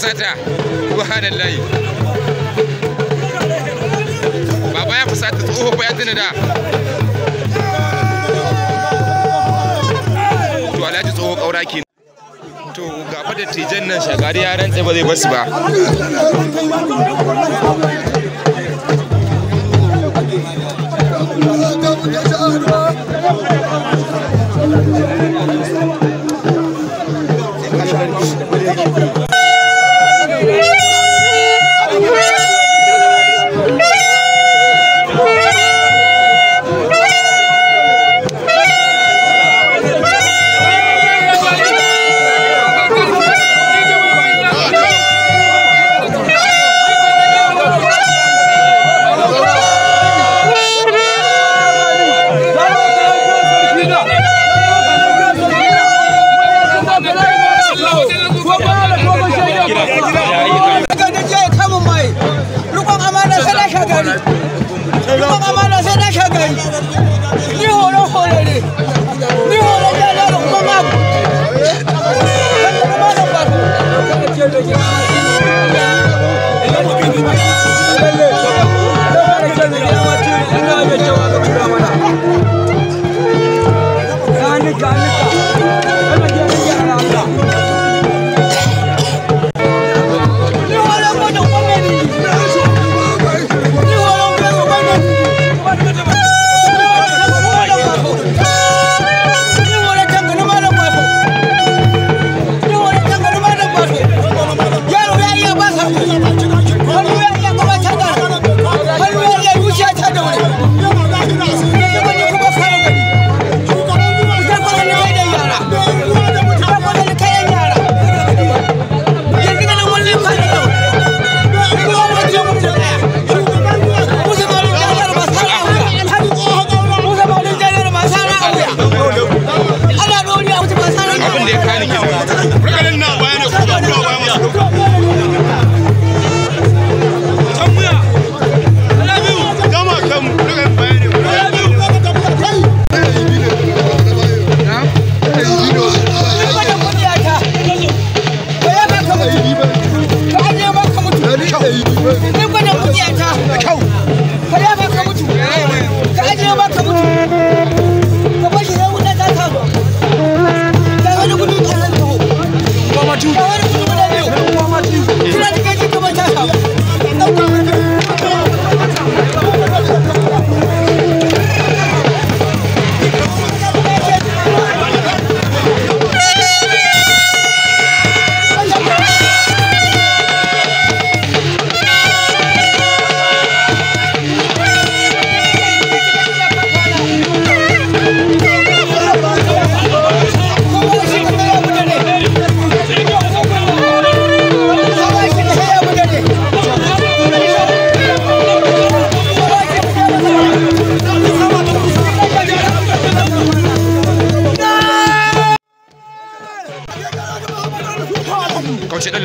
fusata subhanallahi baba ya fusata tsoho ba ya tuna da to alhaji tsoho kaura ke to gaba da tijan nan shagari ya rantsa ba zai basu ba Thank you.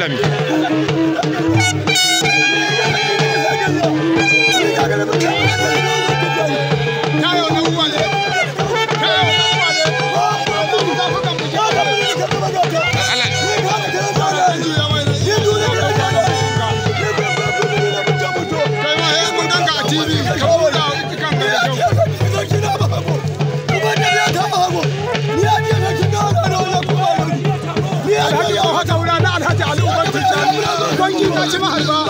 Madame. 干嘛？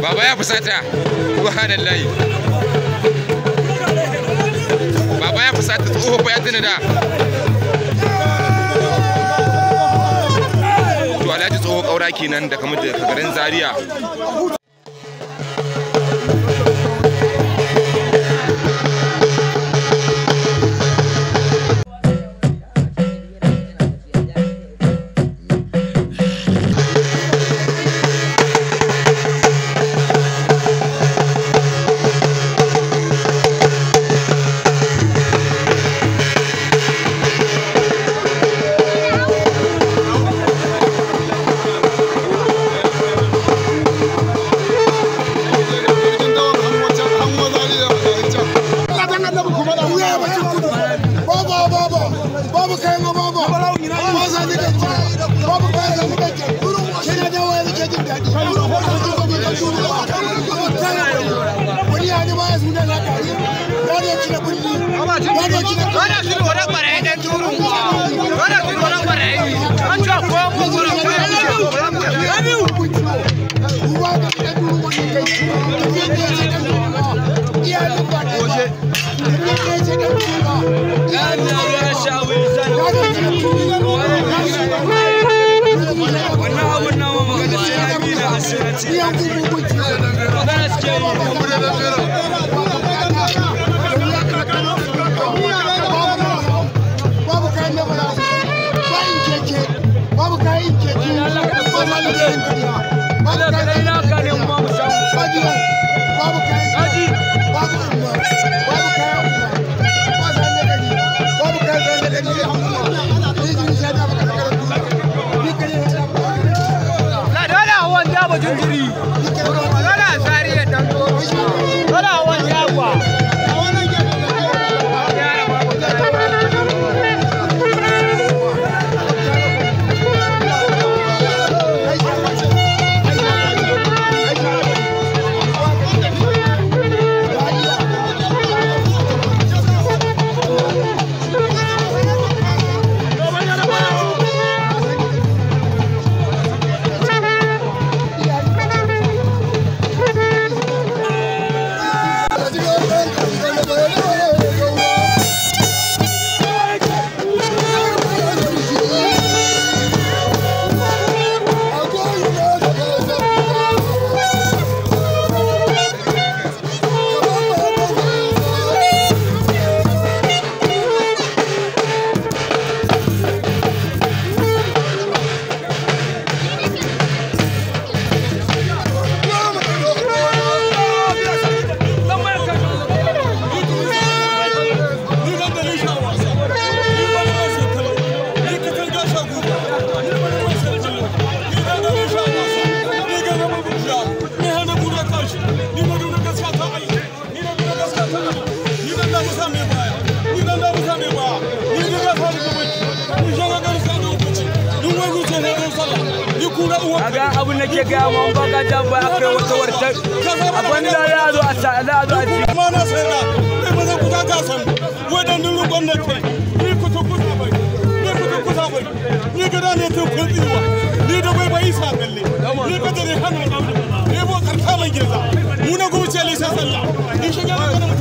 baba ya fusata subhanallahi baba ya fusata tsoho ya da kaura kenan daga garin zaria Vamos, Ay, que kaga abin da ke gaya mun baka ta ba akwai wata warta abin da ya a zo a sa za a zo a ci kuma na sai na sai ba zan ku ga gasan wadan dun gwamnati ni ku to ku ta bai ni ku to ku ta bai ni ga da ne to ku tsiwa ni da bai bai sa kalle ni ka da ne kana da ni bo karta mai geza mu na gubu ce lisa sallah ni shiga kana